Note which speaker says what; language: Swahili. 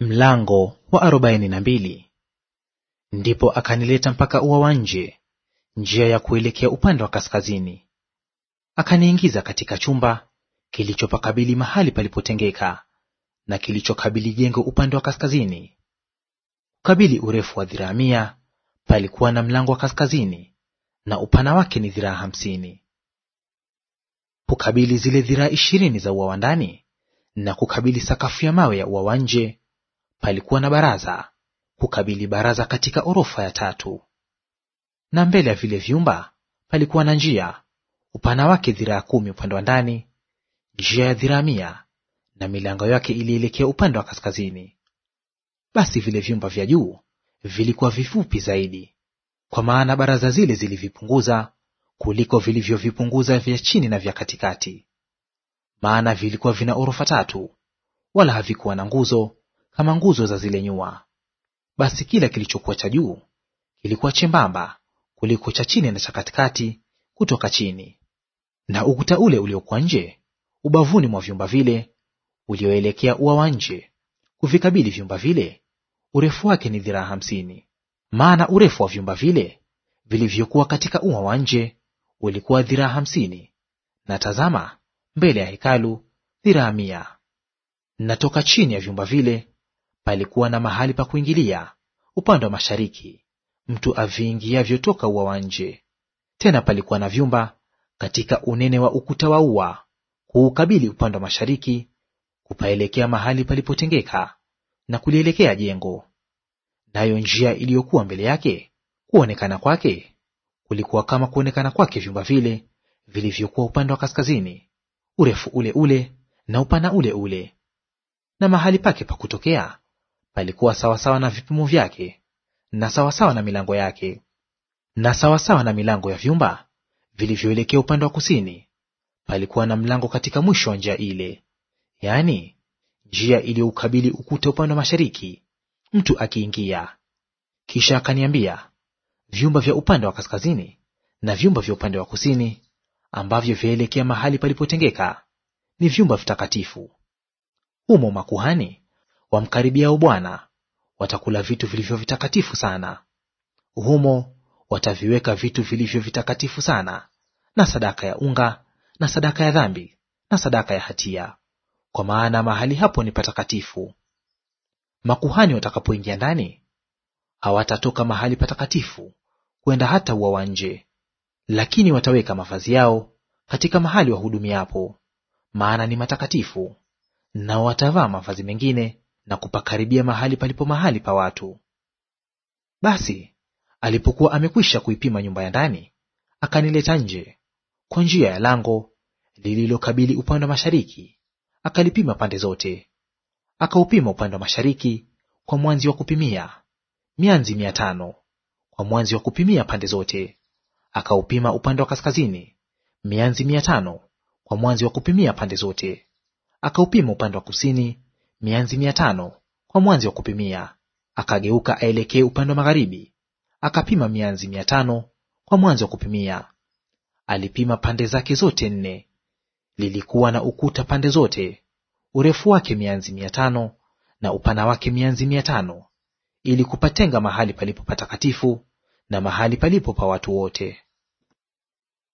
Speaker 1: Mlango wa arobaini na mbili. Ndipo akanileta mpaka ua wa nje, njia ya kuelekea upande wa kaskazini. Akaniingiza katika chumba kilichopakabili mahali palipotengeka na kilichokabili jengo upande wa kaskazini. Kukabili urefu wa dhiraa mia palikuwa na mlango wa kaskazini, na upana wake ni dhiraa hamsini. Kukabili zile dhiraa ishirini za ua wa ndani na kukabili sakafu ya mawe ya ua wa nje palikuwa na baraza kukabili baraza katika orofa ya tatu. Na mbele ya vile vyumba palikuwa na njia, upana wake dhiraa kumi upande wa ndani, njia ya dhiraa mia, na milango yake ilielekea upande wa kaskazini. Basi vile vyumba vya juu vilikuwa vifupi zaidi, kwa maana baraza zile zilivipunguza kuliko vilivyovipunguza vya chini na vya katikati. Maana vilikuwa vina orofa tatu, wala havikuwa na nguzo kama nguzo za zile nyua. Basi kila kilichokuwa cha juu kilikuwa chembamba kuliko cha chini na cha katikati kutoka chini. Na ukuta ule uliokuwa nje ubavuni mwa vyumba vile, ulioelekea ua wa nje kuvikabili vyumba vile, urefu wake ni dhiraa hamsini. Maana urefu wa vyumba vile vilivyokuwa katika ua wa nje ulikuwa dhiraa hamsini, na tazama, mbele ya hekalu dhiraa mia. Na toka chini ya vyumba vile palikuwa na mahali pa kuingilia upande wa mashariki, mtu aviingiavyo toka ua wa nje. Tena palikuwa na vyumba katika unene wa ukuta wa ua kuukabili upande wa mashariki, kupaelekea mahali palipotengeka na kulielekea jengo. Nayo njia iliyokuwa mbele yake, kuonekana kwake kulikuwa kama kuonekana kwake vyumba vile vilivyokuwa upande wa kaskazini, urefu ule ule na upana ule ule. Na mahali pake pa kutokea palikuwa sawasawa na vipimo vyake na sawasawa na milango yake na sawasawa na milango ya vyumba vilivyoelekea upande wa kusini palikuwa na mlango katika mwisho wa njia ile, yaani njia iliyoukabili ukuta upande wa mashariki, mtu akiingia. Kisha akaniambia, vyumba vya upande wa kaskazini na vyumba vya upande wa kusini ambavyo vyaelekea mahali palipotengeka ni vyumba vitakatifu. Humo makuhani wamkaribiao Bwana watakula vitu vilivyo vitakatifu sana; humo wataviweka vitu vilivyo vitakatifu sana, na sadaka ya unga na sadaka ya dhambi na sadaka ya hatia, kwa maana mahali hapo ni patakatifu. Makuhani watakapoingia ndani, hawatatoka mahali patakatifu kwenda hata ua wa nje, lakini wataweka mavazi yao katika mahali wahudumiapo, maana ni matakatifu; nao watavaa mavazi mengine na kupakaribia mahali palipo mahali pa watu. Basi alipokuwa amekwisha kuipima nyumba ya ndani, akanileta nje kwa njia ya lango lililokabili upande wa mashariki, akalipima pande zote. Akaupima upande wa mashariki kwa mwanzi wa kupimia mianzi mia tano kwa mwanzi wa kupimia pande zote. Akaupima upande wa kaskazini mianzi mia tano kwa mwanzi wa kupimia pande zote. Akaupima upande wa kusini mianzi mia tano kwa mwanzi wa kupimia. Akageuka aelekee upande wa magharibi, akapima mianzi mia tano kwa mwanzi wa kupimia. Alipima pande zake zote nne. Lilikuwa na ukuta pande zote, urefu wake mianzi mia tano na upana wake mianzi mia tano ili kupatenga mahali palipo patakatifu na mahali palipo pa watu wote.